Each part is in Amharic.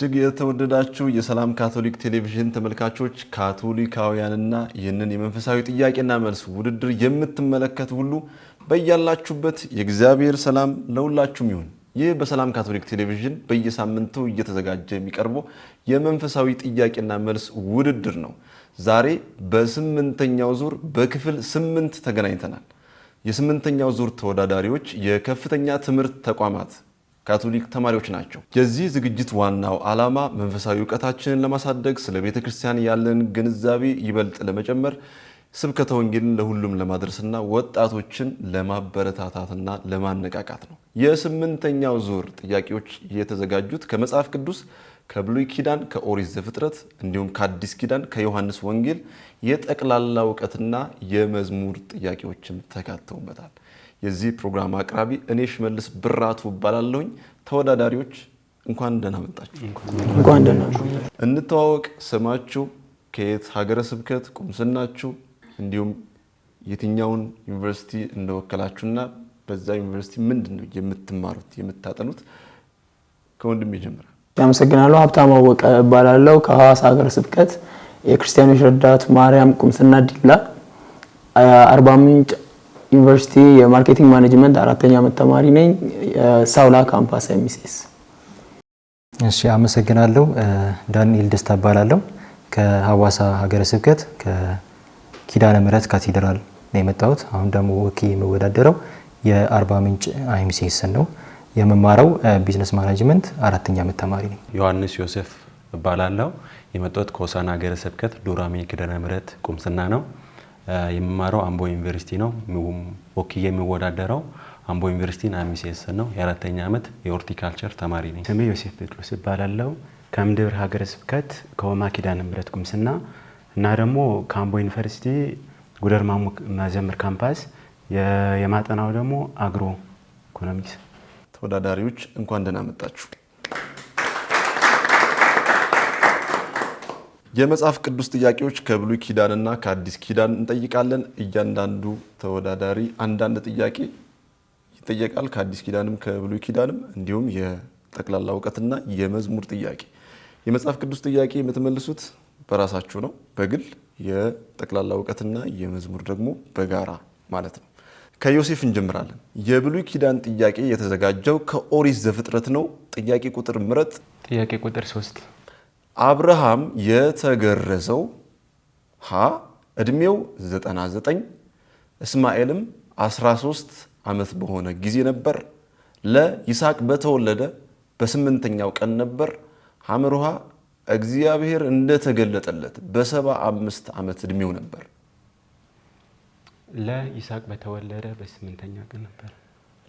እጅግ የተወደዳችሁ የሰላም ካቶሊክ ቴሌቪዥን ተመልካቾች፣ ካቶሊካውያንና ይህንን የመንፈሳዊ ጥያቄና መልስ ውድድር የምትመለከቱ ሁሉ በያላችሁበት የእግዚአብሔር ሰላም ለሁላችሁም ይሁን። ይህ በሰላም ካቶሊክ ቴሌቪዥን በየሳምንቱ እየተዘጋጀ የሚቀርበው የመንፈሳዊ ጥያቄና መልስ ውድድር ነው። ዛሬ በስምንተኛው ዙር በክፍል ስምንት ተገናኝተናል። የስምንተኛው ዙር ተወዳዳሪዎች የከፍተኛ ትምህርት ተቋማት ካቶሊክ ተማሪዎች ናቸው። የዚህ ዝግጅት ዋናው ዓላማ መንፈሳዊ እውቀታችንን ለማሳደግ፣ ስለ ቤተ ክርስቲያን ያለን ግንዛቤ ይበልጥ ለመጨመር፣ ስብከተ ወንጌልን ለሁሉም ለማድረስና ወጣቶችን ለማበረታታትና ለማነቃቃት ነው። የስምንተኛው ዙር ጥያቄዎች የተዘጋጁት ከመጽሐፍ ቅዱስ ከብሉይ ኪዳን ከኦሪት ዘፍጥረት እንዲሁም ከአዲስ ኪዳን ከዮሐንስ ወንጌል የጠቅላላ እውቀትና የመዝሙር ጥያቄዎችም ተካተውበታል። የዚህ ፕሮግራም አቅራቢ እኔ ሽመልስ ብራቱ እባላለሁኝ። ተወዳዳሪዎች እንኳን ደህና መጣችሁ። እንተዋወቅ። ስማችሁ፣ ከየት ሀገረ ስብከት፣ ቁምስናችሁ እንዲሁም የትኛውን ዩኒቨርሲቲ እንደወከላችሁና በዛ ዩኒቨርሲቲ ምንድን ነው የምትማሩት የምታጠኑት? ከወንድም ይጀምራል። ያመሰግናለሁ። ሀብታም አወቀ እባላለሁ ከሐዋሳ ሀገረ ስብከት የክርስቲያኖች ረዳት ማርያም ቁምስና ዲላ አርባ ምንጭ ዩኒቨርሲቲ የማርኬቲንግ ማኔጅመንት አራተኛ ዓመት ተማሪ ነኝ። ሳውላ ካምፓስ ኤምሲኤስ። እሺ አመሰግናለሁ። ዳንኤል ደስታ እባላለሁ። ከሀዋሳ ሀገረ ስብከት ከኪዳነ ምሕረት ካቴድራል ነው የመጣሁት። አሁን ደግሞ ወኪ የምወዳደረው የአርባ ምንጭ አይምሲኤስን ነው የምማረው። ቢዝነስ ማናጅመንት አራተኛ ዓመት ተማሪ ነኝ። ዮሐንስ ዮሴፍ እባላለሁ። የመጣሁት ከሆሳና ሀገረ ስብከት ዱራሜ ኪዳነ ምሕረት ቁምስና ነው። የምማረው አምቦ ዩኒቨርሲቲ ነው። ወክዬ የሚወዳደረው አምቦ ዩኒቨርሲቲን አሚሴስ ነው። የአራተኛ ዓመት የሆርቲካልቸር ተማሪ ነኝ። ስሜ ዮሴፍ ጴጥሮስ ይባላለው። ከምድብር ሀገረ ስብከት ከወማ ኪዳነ ምሕረት ቁምስና እና ደግሞ ከአምቦ ዩኒቨርሲቲ ጉደር ጉደርማሙ መዘምር ካምፓስ የማጠናው ደግሞ አግሮ ኢኮኖሚክስ። ተወዳዳሪዎች እንኳን ደህና መጣችሁ። የመጽሐፍ ቅዱስ ጥያቄዎች ከብሉይ ኪዳንና ከአዲስ ኪዳን እንጠይቃለን። እያንዳንዱ ተወዳዳሪ አንዳንድ ጥያቄ ይጠየቃል። ከአዲስ ኪዳንም ከብሉይ ኪዳንም እንዲሁም የጠቅላላ እውቀትና የመዝሙር ጥያቄ። የመጽሐፍ ቅዱስ ጥያቄ የምትመልሱት በራሳችሁ ነው በግል የጠቅላላ እውቀትና የመዝሙር ደግሞ በጋራ ማለት ነው። ከዮሴፍ እንጀምራለን። የብሉይ ኪዳን ጥያቄ የተዘጋጀው ከኦሪት ዘፍጥረት ነው። ጥያቄ ቁጥር ምረጥ። ጥያቄ ቁጥር ሶስት አብርሃም የተገረዘው ሀ ዕድሜው 99 እስማኤልም 13 ዓመት በሆነ ጊዜ ነበር። ለይስሐቅ በተወለደ በስምንተኛው ቀን ነበር። ሐመሩሃ እግዚአብሔር እንደተገለጠለት በሰባ አምስት ዓመት ዕድሜው ነበር። ለይስሐቅ በተወለደ በስምንተኛ ቀን ነበር።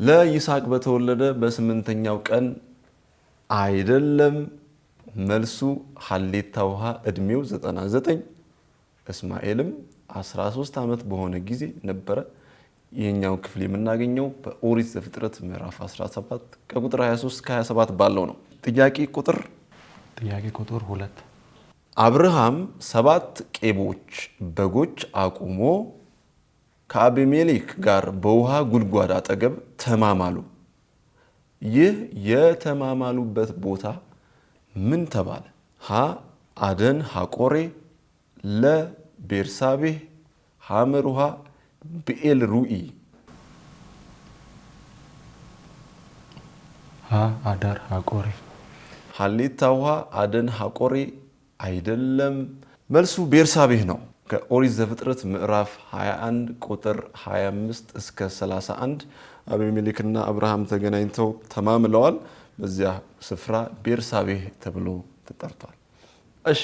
ለይስሐቅ በተወለደ በስምንተኛው ቀን አይደለም መልሱ ሀሌታ ውሃ እድሜው 99 እስማኤልም 13 ዓመት በሆነ ጊዜ ነበረ። ይህኛው ክፍል የምናገኘው በኦሪት ዘፍጥረት ምዕራፍ 17 ከቁጥር 23 እስከ 27 ባለው ነው። ጥያቄ ቁጥር ጥያቄ ቁጥር ሁለት አብርሃም ሰባት ቄቦች በጎች አቁሞ ከአቤሜሌክ ጋር በውሃ ጉድጓድ አጠገብ ተማማሉ። ይህ የተማማሉበት ቦታ ምን ተባለ? ሀ አደን ሀቆሬ ለ ቤርሳቤህ ሐመር ውሃ ብኤል ሩኢ አዳር ሀቆሬ ሀሌታ ውሃ አደን ሀቆሬ አይደለም። መልሱ ቤርሳቤህ ነው። ከኦሪት ዘፍጥረት ምዕራፍ 21 ቁጥር 25 እስከ 31 አቤሜሌክና አብርሃም ተገናኝተው ተማምለዋል። በዚያ ስፍራ ቤርሳቤህ ተብሎ ተጠርቷል። እሺ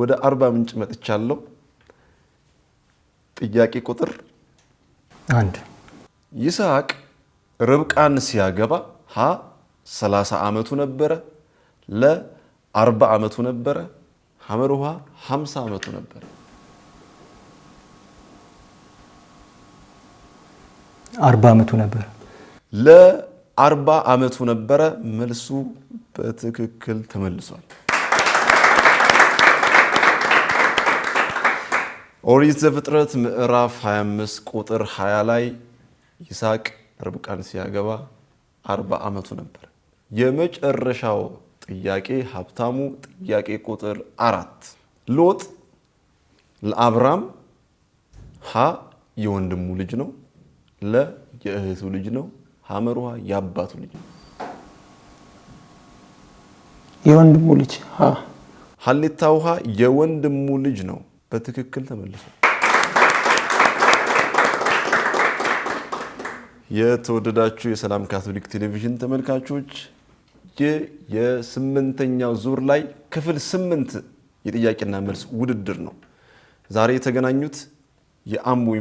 ወደ አርባ ምንጭ መጥቻለሁ። ጥያቄ ቁጥር አንድ ይስሐቅ ርብቃን ሲያገባ ሀ 30 ዓመቱ ነበረ፣ ለ 40 ዓመቱ ነበረ፣ ሐመር ውሃ 50 ዓመቱ ነበረ። አርባ ዓመቱ ነበረ ለ አርባ ዓመቱ ነበረ። መልሱ በትክክል ተመልሷል። ኦሪት ዘፍጥረት ምዕራፍ 25 ቁጥር 20 ላይ ይስሐቅ ርብቃን ሲያገባ አርባ ዓመቱ ነበር። የመጨረሻው ጥያቄ ሀብታሙ ጥያቄ ቁጥር አራት ሎጥ ለአብራም ሀ የወንድሙ ልጅ ነው፣ ለ የእህቱ ልጅ ነው ሀመር ውሃ የአባቱ ልጅ የወንድሙ ልጅ ሀሌታ ውሃ የወንድሙ ልጅ ነው። በትክክል ተመልሶ የተወደዳችሁ የሰላም ካቶሊክ ቴሌቪዥን ተመልካቾች ይህ የስምንተኛው ዙር ላይ ክፍል ስምንት የጥያቄና መልስ ውድድር ነው ዛሬ የተገናኙት የአምቦ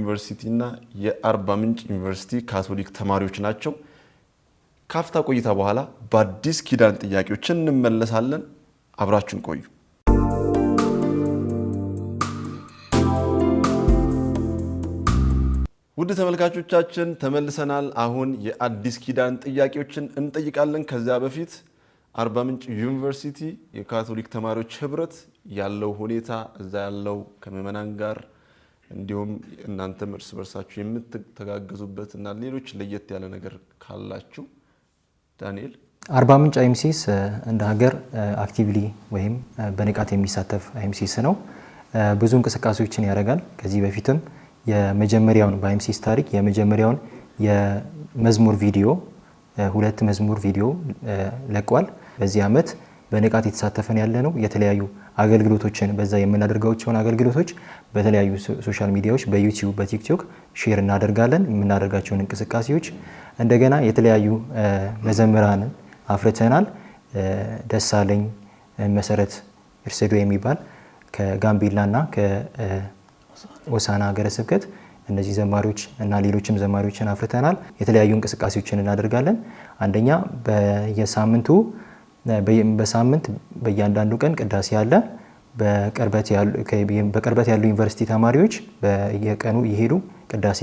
እና የአርባ ምንጭ ዩኒቨርሲቲ ካቶሊክ ተማሪዎች ናቸው። ካፍታ ቆይታ በኋላ በአዲስ ኪዳን ጥያቄዎችን እንመለሳለን። አብራችን ቆዩ። ውድ ተመልካቾቻችን ተመልሰናል። አሁን የአዲስ ኪዳን ጥያቄዎችን እንጠይቃለን። ከዚያ በፊት አርባ ምንጭ ዩኒቨርሲቲ የካቶሊክ ተማሪዎች ህብረት ያለው ሁኔታ እዛ ያለው ከምዕመናን ጋር እንዲሁም እናንተም እርስ በርሳችሁ የምትተጋገዙበት እና ሌሎች ለየት ያለ ነገር ካላችሁ ዳንኤል አርባ ምንጭ አይምሲስ እንደ ሀገር አክቲቭሊ ወይም በንቃት የሚሳተፍ አይምሲስ ነው። ብዙ እንቅስቃሴዎችን ያደርጋል። ከዚህ በፊትም የመጀመሪያውን በአይምሲስ ታሪክ የመጀመሪያውን የመዝሙር ቪዲዮ ሁለት መዝሙር ቪዲዮ ለቋል። በዚህ ዓመት በንቃት የተሳተፈን ያለ ነው። የተለያዩ አገልግሎቶችን በዛ የምናደርጋቸውን አገልግሎቶች በተለያዩ ሶሻል ሚዲያዎች በዩቲዩብ በቲክቶክ ሼር እናደርጋለን። የምናደርጋቸውን እንቅስቃሴዎች እንደገና የተለያዩ መዘምራን አፍርተናል። ደሳለኝ መሰረት እርሰዶ የሚባል ከጋምቤላና ከወሳና ሀገረ ስብከት እነዚህ ዘማሪዎች እና ሌሎችም ዘማሪዎችን አፍርተናል። የተለያዩ እንቅስቃሴዎችን እናደርጋለን። አንደኛ በየሳምንቱ በሳምንት በእያንዳንዱ ቀን ቅዳሴ አለ። በቅርበት ያሉ ዩኒቨርሲቲ ተማሪዎች በየቀኑ እየሄዱ ቅዳሴ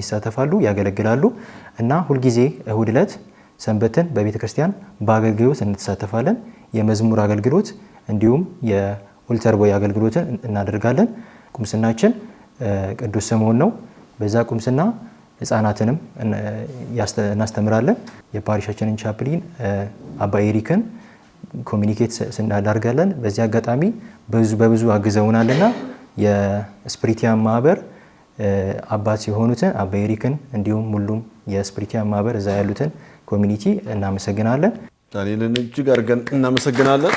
ይሳተፋሉ፣ ያገለግላሉ እና ሁልጊዜ እሁድ ዕለት ሰንበትን በቤተ ክርስቲያን በአገልግሎት እንተሳተፋለን። የመዝሙር አገልግሎት እንዲሁም የኦልተር አገልግሎትን እናደርጋለን። ቁምስናችን ቅዱስ ስምዖን ነው። በዛ ቁምስና ህጻናትንም እናስተምራለን። የፓሪሻችንን ቻፕሊን አባ ኤሪክን ኮሚኒኬት ስናዳርጋለን። በዚህ አጋጣሚ በብዙ አግዘውናልና የስፕሪቲያን ማህበር አባት የሆኑትን አባ ኤሪክን እንዲሁም ሁሉም የስፕሪቲያን ማህበር እዛ ያሉትን ኮሚኒቲ እናመሰግናለን። ዳንኤልን እጅግ አድርገን እናመሰግናለን።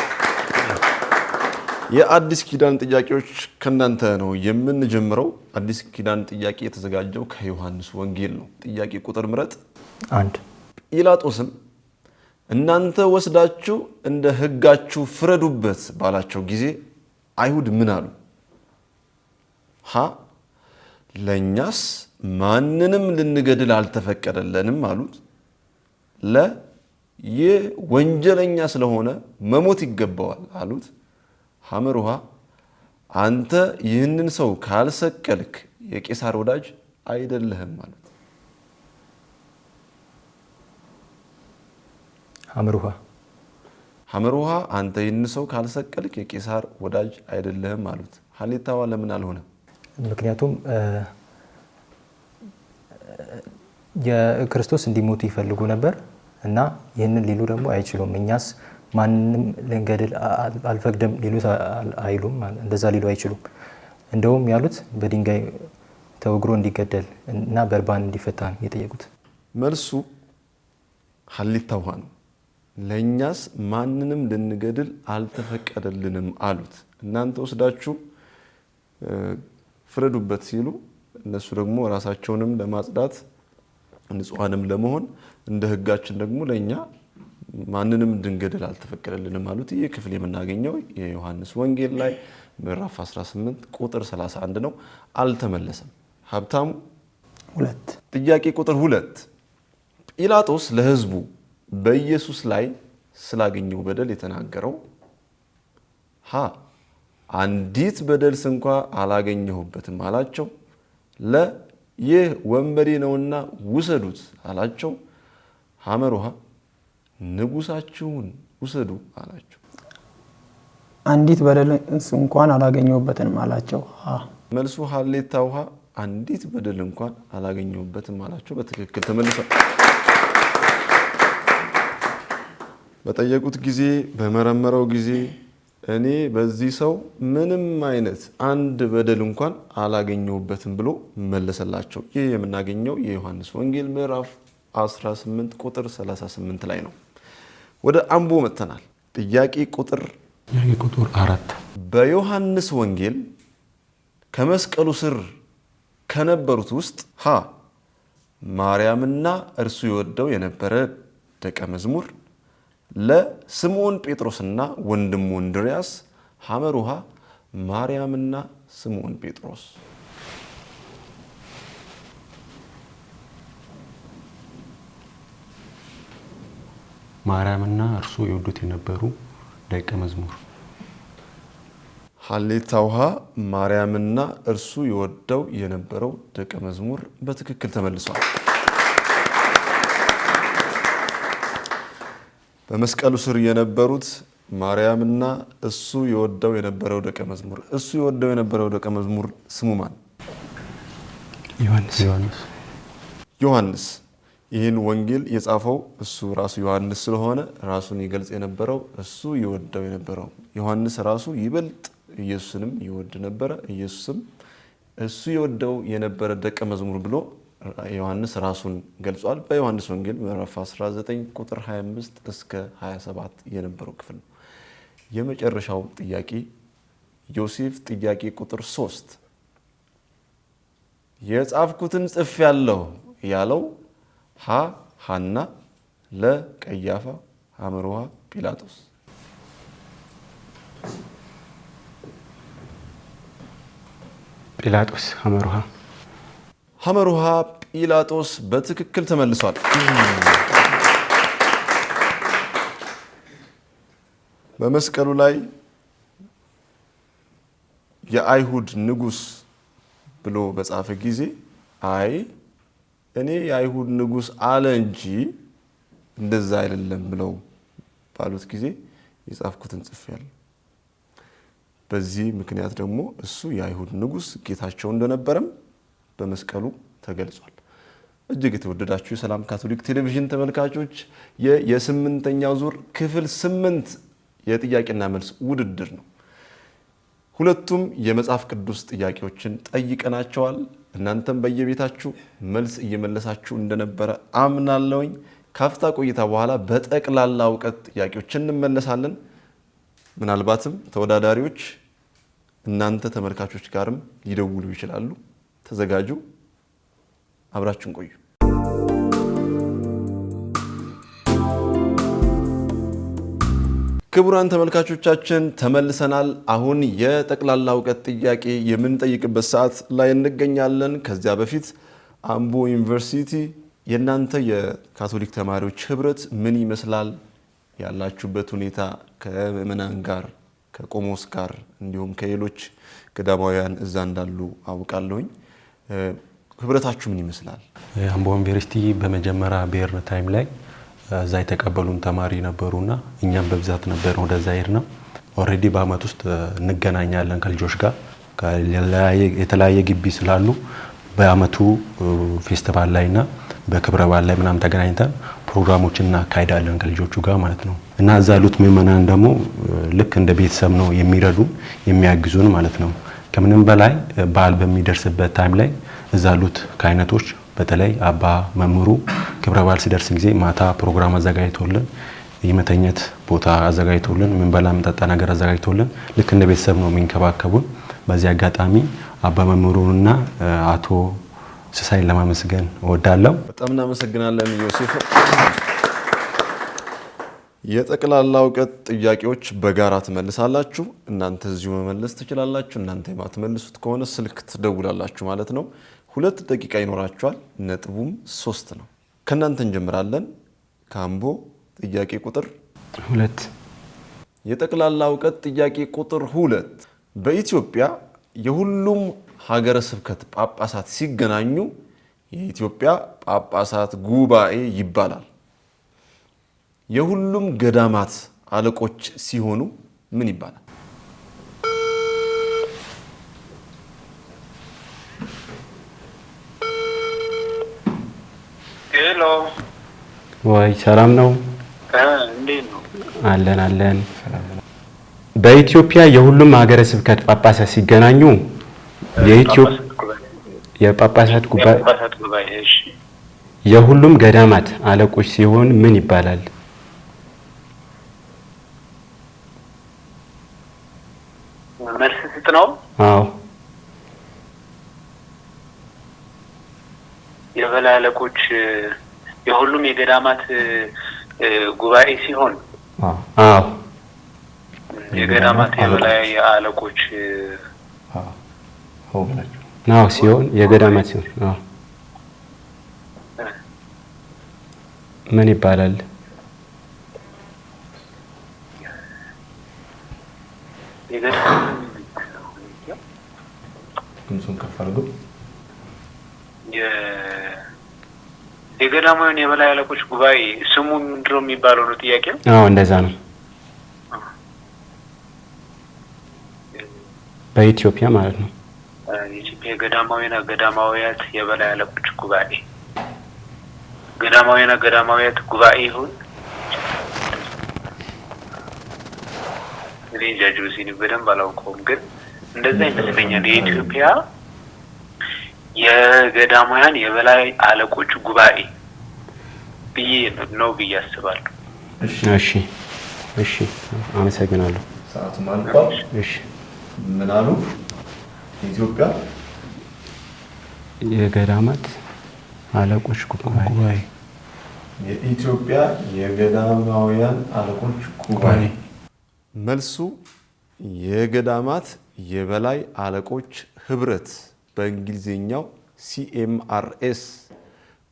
የአዲስ ኪዳን ጥያቄዎች ከእናንተ ነው የምንጀምረው። አዲስ ኪዳን ጥያቄ የተዘጋጀው ከዮሐንስ ወንጌል ነው። ጥያቄ ቁጥር ምረጥ አንድ ጲላጦስም እናንተ ወስዳችሁ እንደ ሕጋችሁ ፍረዱበት ባላቸው ጊዜ አይሁድ ምን አሉ? ሀ ለእኛስ ማንንም ልንገድል አልተፈቀደለንም አሉት። ለ ይህ ወንጀለኛ ስለሆነ መሞት ይገባዋል አሉት። ሐመር ውሃ አንተ ይህንን ሰው ካልሰቀልክ የቄሳር ወዳጅ አይደለህም ማለት ሐመር ውሃ ውሃ አንተ ይህንን ሰው ካልሰቀልክ የቄሳር ወዳጅ አይደለህም አሉት። ሀሌታዋ ለምን አልሆነ? ምክንያቱም የክርስቶስ እንዲሞቱ ይፈልጉ ነበር እና ይህንን ሊሉ ደግሞ አይችሉም። እኛስ ማንም ልንገድል አልፈቅድም ሊሉት አይሉም፣ እንደዛ ሊሉ አይችሉም። እንደውም ያሉት በድንጋይ ተወግሮ እንዲገደል እና በርባን እንዲፈታ የጠየቁት። መልሱ ሀሊታ ውሃ ነው። ለእኛስ ማንንም ልንገድል አልተፈቀደልንም አሉት። እናንተ ወስዳችሁ ፍረዱበት ሲሉ እነሱ ደግሞ ራሳቸውንም ለማጽዳት ንጹሐንም ለመሆን እንደ ህጋችን ደግሞ ለእኛ ማንንም ድንገድል አልተፈቀደልንም አሉት። ይህ ክፍል የምናገኘው የዮሐንስ ወንጌል ላይ ምዕራፍ 18 ቁጥር 31 ነው። አልተመለሰም። ሀብታሙ ሁለት ጥያቄ ቁጥር ሁለት ጲላጦስ ለሕዝቡ በኢየሱስ ላይ ስላገኘው በደል የተናገረው ሀ አንዲት በደል ስንኳ አላገኘሁበትም አላቸው። ለ ይህ ወንበዴ ነውና ውሰዱት አላቸው። ሐመር ውሃ ንጉሳችሁን ውሰዱ አላቸው። አንዲት በደል እንኳን አላገኘሁበትም አላቸው። መልሱ ሀሌታ ውሃ አንዲት በደል እንኳን አላገኘሁበትም አላቸው። በትክክል ተመልሷል። በጠየቁት ጊዜ በመረመረው ጊዜ እኔ በዚህ ሰው ምንም አይነት አንድ በደል እንኳን አላገኘሁበትም ብሎ መለሰላቸው። ይህ የምናገኘው የዮሐንስ ወንጌል ምዕራፍ 18 ቁጥር 38 ላይ ነው። ወደ አምቦ መጥተናል። ጥያቄ ቁጥር ቁጥር አራት በዮሐንስ ወንጌል ከመስቀሉ ስር ከነበሩት ውስጥ ሀ ማርያምና እርሱ የወደው የነበረ ደቀ መዝሙር፣ ለስምዖን ጴጥሮስና ወንድሙ እንድርያስ፣ ሐመር ውሃ ማርያምና ስምዖን ጴጥሮስ ማርያምና እርሱ የወዱት የነበሩ ደቀ መዝሙር ሀሌታ ውሃ ማርያምና እርሱ የወደው የነበረው ደቀ መዝሙር በትክክል ተመልሷል። በመስቀሉ ስር የነበሩት ማርያምና እሱ የወደው የነበረው ደቀ መዝሙር እሱ የወደው የነበረው ደቀ መዝሙር ስሙ ማን? ዮሐንስ ዮሐንስ ይህን ወንጌል የጻፈው እሱ ራሱ ዮሐንስ ስለሆነ ራሱን ይገልጽ የነበረው እሱ ይወደው የነበረው ዮሐንስ ራሱ ይበልጥ ኢየሱስንም ይወድ ነበረ። ኢየሱስም እሱ የወደው የነበረ ደቀ መዝሙር ብሎ ዮሐንስ ራሱን ገልጿል። በዮሐንስ ወንጌል ምዕራፍ 19 ቁጥር 25 እስከ 27 የነበረው ክፍል ነው። የመጨረሻው ጥያቄ ዮሴፍ ጥያቄ ቁጥር 3 የጻፍኩትን ጽፌአለሁ ያለው ሀ ሀና ለ ቀያፋ ሐመርሃ ጲላጦስ ጲላጦስ ሐመርሃ ሐመርሃ ጲላጦስ በትክክል ተመልሷል። በመስቀሉ ላይ የአይሁድ ንጉስ ብሎ በጻፈ ጊዜ አይ እኔ የአይሁድ ንጉሥ አለ እንጂ እንደዛ አይደለም ብለው ባሉት ጊዜ የጻፍኩትን ጽፌያለሁ። በዚህ ምክንያት ደግሞ እሱ የአይሁድ ንጉሥ ጌታቸው እንደነበረም በመስቀሉ ተገልጿል። እጅግ የተወደዳችሁ የሰላም ካቶሊክ ቴሌቪዥን ተመልካቾች የስምንተኛው ዙር ክፍል ስምንት የጥያቄና መልስ ውድድር ነው። ሁለቱም የመጽሐፍ ቅዱስ ጥያቄዎችን ጠይቀናቸዋል። እናንተም በየቤታችሁ መልስ እየመለሳችሁ እንደነበረ አምናለውኝ። ካፍታ ቆይታ በኋላ በጠቅላላ እውቀት ጥያቄዎች እንመለሳለን። ምናልባትም ተወዳዳሪዎች እናንተ ተመልካቾች ጋርም ሊደውሉ ይችላሉ። ተዘጋጁ። አብራችን ቆዩ። ክቡራን ተመልካቾቻችን ተመልሰናል። አሁን የጠቅላላ እውቀት ጥያቄ የምንጠይቅበት ሰዓት ላይ እንገኛለን። ከዚያ በፊት አምቦ ዩኒቨርሲቲ የእናንተ የካቶሊክ ተማሪዎች ህብረት ምን ይመስላል? ያላችሁበት ሁኔታ ከምዕመናን ጋር ከቆሞስ ጋር እንዲሁም ከሌሎች ገዳማውያን እዛ እንዳሉ አውቃለሁኝ። ህብረታችሁ ምን ይመስላል? አምቦ ዩኒቨርሲቲ በመጀመሪያ ብሔር ታይም ላይ እዛ የተቀበሉን ተማሪ ነበሩና እኛም በብዛት ነበር ወደዛ ሄድ ነው። ኦልሬዲ በአመት ውስጥ እንገናኛለን ከልጆች ጋር የተለያየ ግቢ ስላሉ በአመቱ ፌስቲቫል ላይና በክብረ በዓል ላይ ምናምን ተገናኝተን ፕሮግራሞችን እናካሄዳለን ከልጆቹ ጋር ማለት ነው። እና እዛ ያሉት ምእመናን ደግሞ ልክ እንደ ቤተሰብ ነው የሚረዱን የሚያግዙን ማለት ነው። ከምንም በላይ በዓል በሚደርስበት ታይም ላይ እዛ ያሉት ከአይነቶች በተለይ አባ መምህሩ ክብረ በዓል ሲደርስ ጊዜ ማታ ፕሮግራም አዘጋጅቶልን የመተኘት ቦታ አዘጋጅቶልን ምንበላ ምንጠጣ ነገር አዘጋጅቶልን ልክ እንደ ቤተሰብ ነው የሚንከባከቡን። በዚህ አጋጣሚ አባ መምህሩንና አቶ ስሳይን ለማመስገን እወዳለሁ። በጣም እናመሰግናለን ዮሴፍ። የጠቅላላ እውቀት ጥያቄዎች በጋራ ትመልሳላችሁ። እናንተ እዚሁ መመለስ ትችላላችሁ። እናንተ የማትመልሱት ከሆነ ስልክ ትደውላላችሁ ማለት ነው። ሁለት ደቂቃ ይኖራቸዋል። ነጥቡም ሶስት ነው። ከእናንተ እንጀምራለን። ካምቦ ጥያቄ ቁጥር ሁለት የጠቅላላ እውቀት ጥያቄ ቁጥር ሁለት በኢትዮጵያ የሁሉም ሀገረ ስብከት ጳጳሳት ሲገናኙ የኢትዮጵያ ጳጳሳት ጉባኤ ይባላል። የሁሉም ገዳማት አለቆች ሲሆኑ ምን ይባላል? ሄሎ፣ ወይ ሰላም ነው። እንዴት ነው? አለን አለን። በኢትዮጵያ የሁሉም ሀገረ ስብከት ጳጳሳት ሲገናኙ የጳጳሳት ጉባኤ የሁሉም ገዳማት አለቆች ሲሆን ምን ይባላል? መልስ ስጥ ነው። አዎ አበላለቆች የሁሉም የገዳማት ጉባኤ ሲሆን የገዳማት የበላይ አለቆች ሲሆን የገዳማት ሲሆን ምን ይባላል? ድምፁን ከፍ አድርገው የገዳማውያን የበላይ አለቆች ጉባኤ ስሙ ምንድን ነው የሚባለው? ነው ጥያቄ። አዎ እንደዛ ነው። በኢትዮጵያ ማለት ነው። የኢትዮጵያ የገዳማውያን ገዳማውያት የበላይ አለቆች ጉባኤ ገዳማውያን ገዳማውያት ጉባኤ ይሁን እኔ ጃጅ ሲኒ በደንብ አላውቀውም፣ ግን እንደዛ ይመስለኛል። የኢትዮጵያ የገዳማውያን የበላይ አለቆች ጉባኤ ብዬ ነው ብዬ አስባለሁ። እሺ እሺ፣ አመሰግናለሁ። ሰዓቱም እሺ ምን አሉ? ኢትዮጵያ የገዳማት አለቆች ጉባኤ የኢትዮጵያ የገዳማውያን አለቆች ጉባኤ መልሱ የገዳማት የበላይ አለቆች ህብረት በእንግሊዝኛው ሲኤምአርኤስ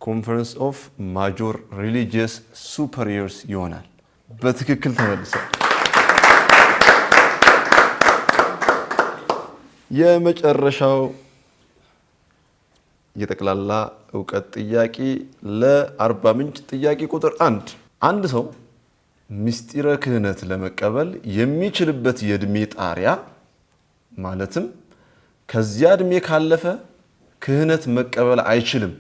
ኮንፈረንስ ኦፍ ማጆር ሪሊጂየስ ሱፐሪየርስ ይሆናል። በትክክል ተመልሷል። የመጨረሻው የጠቅላላ እውቀት ጥያቄ ለአርባ ምንጭ ጥያቄ ቁጥር አንድ አንድ ሰው ምስጢረ ክህነት ለመቀበል የሚችልበት የእድሜ ጣሪያ ማለትም ከዚያ እድሜ ካለፈ ክህነት መቀበል አይችልም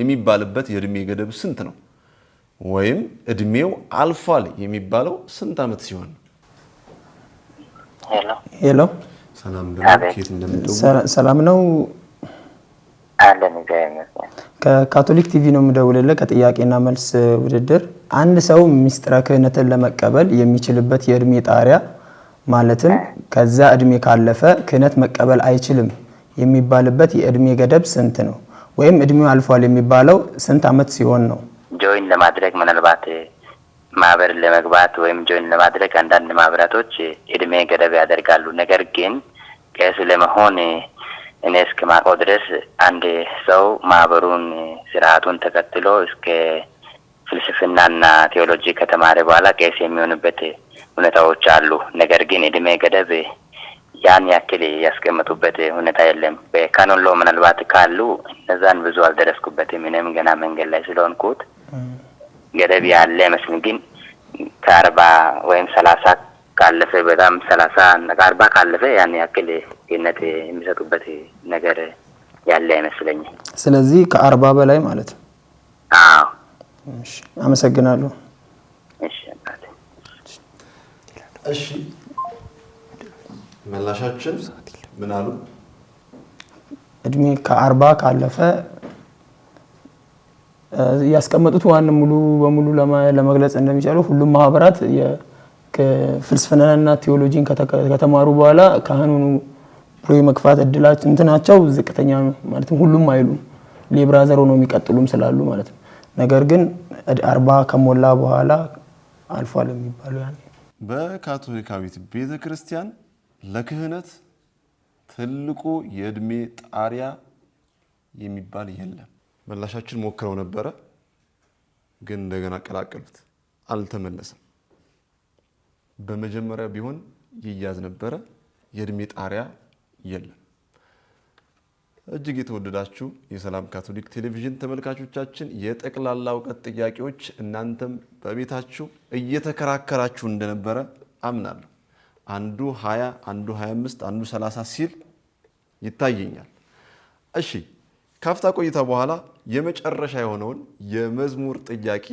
የሚባልበት የእድሜ ገደብ ስንት ነው? ወይም እድሜው አልፏል የሚባለው ስንት ዓመት ሲሆን? ሄሎ፣ ሰላም ነው። ከካቶሊክ ቲቪ ነው የምደውልልህ። ከጥያቄና መልስ ውድድር አንድ ሰው ሚስጥረ ክህነትን ለመቀበል የሚችልበት የእድሜ ጣሪያ ማለትም ከዛ እድሜ ካለፈ ክህነት መቀበል አይችልም የሚባልበት የእድሜ ገደብ ስንት ነው? ወይም እድሜው አልፏል የሚባለው ስንት አመት ሲሆን ነው? ጆይን ለማድረግ ምናልባት ማህበር ለመግባት ወይም ጆይን ለማድረግ አንዳንድ ማህበራቶች እድሜ ገደብ ያደርጋሉ። ነገር ግን ቄስ ለመሆን እኔ እስከ ማቆ ድረስ አንድ ሰው ማህበሩን ስርዓቱን ተከትሎ እስከ ፍልስፍናና ቴዎሎጂ ከተማረ በኋላ ቄስ የሚሆንበት ሁኔታዎች አሉ። ነገር ግን እድሜ ገደብ ያን ያክል ያስቀምጡበት ሁኔታ የለም። በካኖን ሎ ምናልባት ካሉ እነዛን ብዙ አልደረስኩበትም። እኔም ገና መንገድ ላይ ስለሆንኩት ገደብ ያለ መስል ግን ከአርባ ወይም ሰላሳ ካለፈ በጣም ሰላሳ ከአርባ ካለፈ ያን ያክል ገነት የሚሰጡበት ነገር ያለ አይመስለኝም። ስለዚህ ከአርባ በላይ ማለት ነው። አዎ፣ አመሰግናለሁ። እሺ። መላሻችን ምን አሉ? እድሜ ከአርባ ካለፈ ያስቀመጡት ዋን ሙሉ በሙሉ ለመግለጽ እንደሚቻለው ሁሉም ማህበራት ፍልስፍናና ቴዎሎጂን ከተማሩ በኋላ ካህኑኑ ብሎ የመግፋት እድላቸው እንትናቸው ዝቅተኛ ነው። ማለትም ሁሉም አይሉም ዘሮ ነው የሚቀጥሉም ስላሉ ማለት ነው። ነገር ግን አርባ ከሞላ በኋላ አልፏል የሚባሉ በካቶሊካዊት ቤተ ክርስቲያን ለክህነት ትልቁ የእድሜ ጣሪያ የሚባል የለም። መላሻችን ሞክረው ነበረ፣ ግን እንደገና አቀላቀሉት፣ አልተመለሰም። በመጀመሪያ ቢሆን ይያዝ ነበረ። የእድሜ ጣሪያ የለም። እጅግ የተወደዳችሁ የሰላም ካቶሊክ ቴሌቪዥን ተመልካቾቻችን የጠቅላላ እውቀት ጥያቄዎች እናንተም በቤታችሁ እየተከራከራችሁ እንደነበረ አምናለሁ። አንዱ 20 አንዱ 25 አንዱ 30 ሲል ይታየኛል። እሺ ካፍታ ቆይታ በኋላ የመጨረሻ የሆነውን የመዝሙር ጥያቄ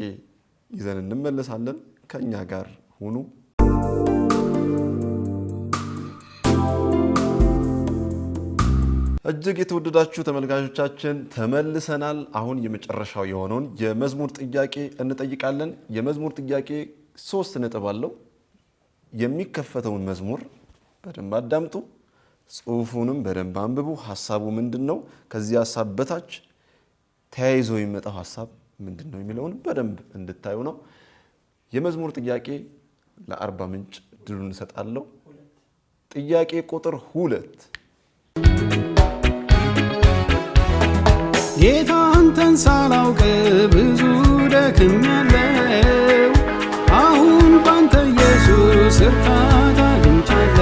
ይዘን እንመለሳለን። ከእኛ ጋር ሁኑ። እጅግ የተወደዳችሁ ተመልካቾቻችን ተመልሰናል። አሁን የመጨረሻው የሆነውን የመዝሙር ጥያቄ እንጠይቃለን። የመዝሙር ጥያቄ ሶስት ነጥብ አለው። የሚከፈተውን መዝሙር በደንብ አዳምጡ። ጽሁፉንም በደንብ አንብቡ። ሀሳቡ ምንድን ነው? ከዚህ ሀሳብ በታች ተያይዞ የሚመጣው ሀሳብ ምንድን ነው የሚለውን በደንብ እንድታዩ ነው። የመዝሙር ጥያቄ ለአርባ ምንጭ እድሉን እንሰጣለሁ። ጥያቄ ቁጥር ሁለት ጌታ አንተን ሳላውቅ ብዙ ደክሜያለሁ እርካታ አግኝቻለሁ።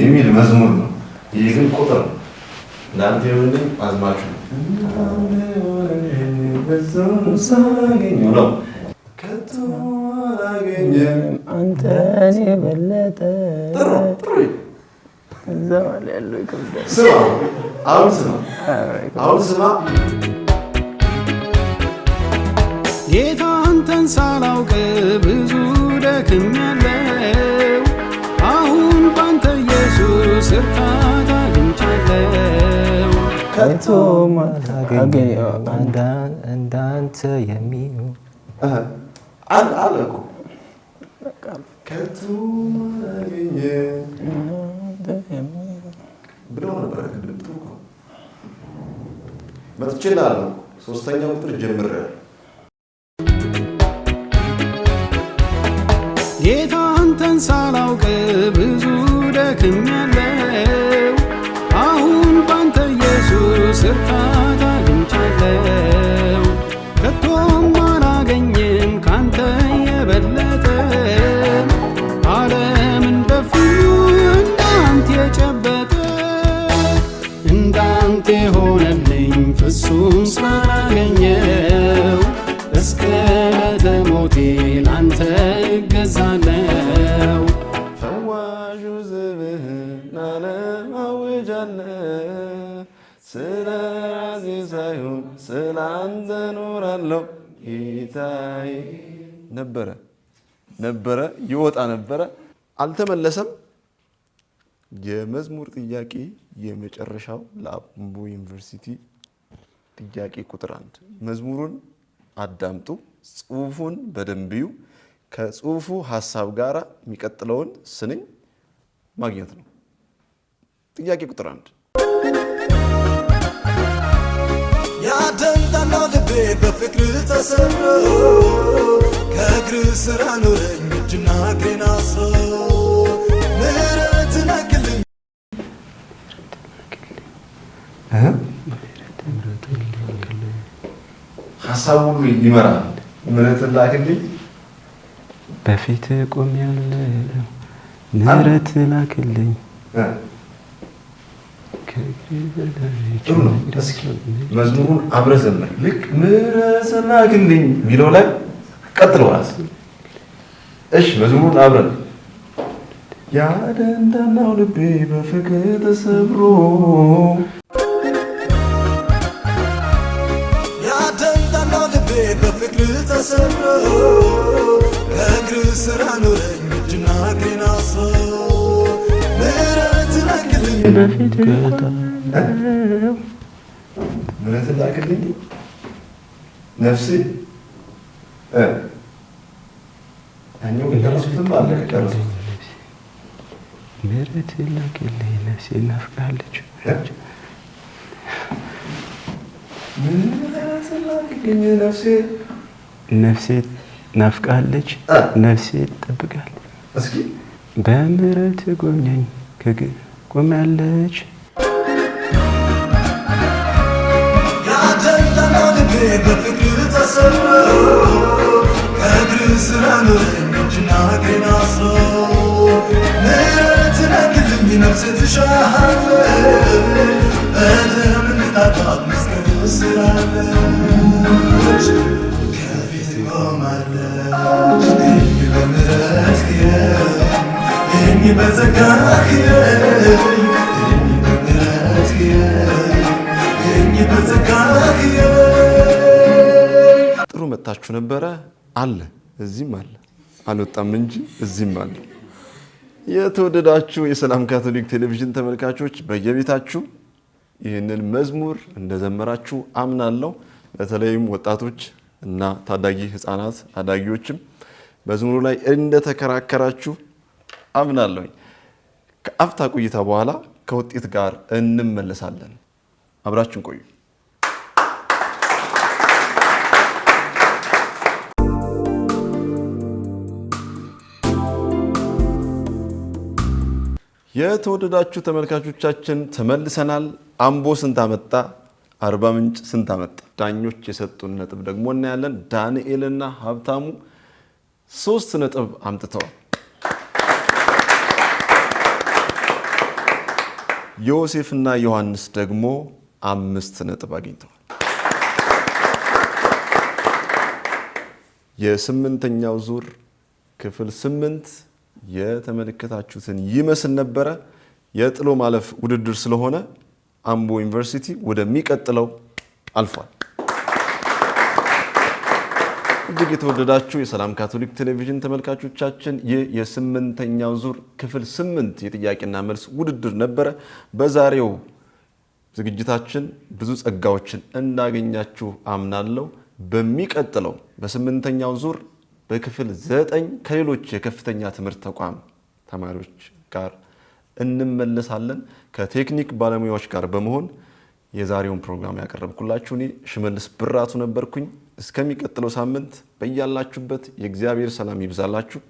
የሚል መዝሙር ነው። ይህ ግን ቁጥር እናንተ የሆነኝ አዝማችሁ ነው አንተን የበለጠ እዛ ያለው ይከብዳል። አሁን ስማ፣ አሁን ስማ ጌታ አንተን ሳላውቅ ብዙ ደክሜያለሁ። አሁን ባንተ ኢየሱስ እርካታ አግኝቻለሁ። ከቶ እንዳንተ የሚሆን ከቶ ብለው ነበረ መጥቼ ላለው ሶስተኛው ቁጥር ጀምሬያለሁ ጌታ አንተን ሳላውቅ ብዙ ደክሜያለሁ አሁን ባንተ ኢየሱስ እርታ ነበረ ነበረ ይወጣ ነበረ አልተመለሰም። የመዝሙር ጥያቄ የመጨረሻው ለአምቦ ዩኒቨርሲቲ ጥያቄ ቁጥር አንድ መዝሙሩን አዳምጡ፣ ጽሁፉን በደንብ ከጽሁፉ ሀሳብ ጋር የሚቀጥለውን ስንኝ ማግኘት ነው። ጥያቄ ቁጥር አንድ ያደምጣና ልቤ በፍቅር ተሰብሮ እግር ስራ ኖረኝ እጅና እግሬን አስረው ምህረትን አግልኝ ሀሳቡ ይመራል። ምህረትን ላክልኝ በፊት ቆም ያለው ምህረት ላክልኝ መዝሙሩን አብረዘመን ልክ ምህረት ላክልኝ የሚለው ላይ ቀጥል ዋስ እሺ፣ መዝሙሩን አብረን ያደንዳናው ልቤ በፍቅር ተሰብሮ ያደንዳናው ልቤ በፍቅር ተሰብሮ ከእግር ስራ ኖረኝ እጅና ግሬና ሰው ምረት ላክልኝ ምረት ላክልኝ ነፍሴ ያኛው የደረሱትም አለ ደረሱት ምህረት ላክልኝ ነፍሴ ናፍቃለች። ነፍሴ ናፍቃለች፣ ነፍሴ ትጠብቃለች። በምህረት ጎብኘኝ ከግ ቆማለች በፍቅር ስለምንጅና ገና ሰው ምህረትን ግልኝ ነፍሴ ትሻሃለ በደምንጣጣት መስቀል ስላለች ከፊት ቆማለች እኝ በምህረትህ እኝ በጸጋህ ጥሩ መታችሁ ነበረ አለ እዚህም አለ አልወጣም እንጂ እዚህም አለ። የተወደዳችሁ የሰላም ካቶሊክ ቴሌቪዥን ተመልካቾች በየቤታችሁ ይህንን መዝሙር እንደዘመራችሁ አምናለሁ። በተለይም ወጣቶች እና ታዳጊ ህፃናት አዳጊዎችም መዝሙሩ ላይ እንደተከራከራችሁ አምናለሁኝ። ከአፍታ ቆይታ በኋላ ከውጤት ጋር እንመለሳለን። አብራችን ቆዩ። የተወደዳችሁ ተመልካቾቻችን ተመልሰናል። አምቦ ስንት አመጣ፣ አርባ ምንጭ ስንት አመጣ? ዳኞች የሰጡን ነጥብ ደግሞ እናያለን። ዳንኤልና ሀብታሙ ሶስት ነጥብ አምጥተዋል። ዮሴፍና ዮሐንስ ደግሞ አምስት ነጥብ አግኝተዋል። የስምንተኛው ዙር ክፍል ስምንት የተመለከታችሁትን ይመስል ነበረ። የጥሎ ማለፍ ውድድር ስለሆነ አምቦ ዩኒቨርሲቲ ወደሚቀጥለው አልፏል። እጅግ የተወደዳችሁ የሰላም ካቶሊክ ቴሌቪዥን ተመልካቾቻችን ይህ የስምንተኛው ዙር ክፍል ስምንት የጥያቄና መልስ ውድድር ነበረ። በዛሬው ዝግጅታችን ብዙ ጸጋዎችን እንዳገኛችሁ አምናለሁ። በሚቀጥለው በስምንተኛው ዙር በክፍል ዘጠኝ ከሌሎች የከፍተኛ ትምህርት ተቋም ተማሪዎች ጋር እንመለሳለን ከቴክኒክ ባለሙያዎች ጋር በመሆን የዛሬውን ፕሮግራም ያቀረብኩላችሁ እኔ ሽመልስ ብራቱ ነበርኩኝ። እስከሚቀጥለው ሳምንት በያላችሁበት የእግዚአብሔር ሰላም ይብዛላችሁ።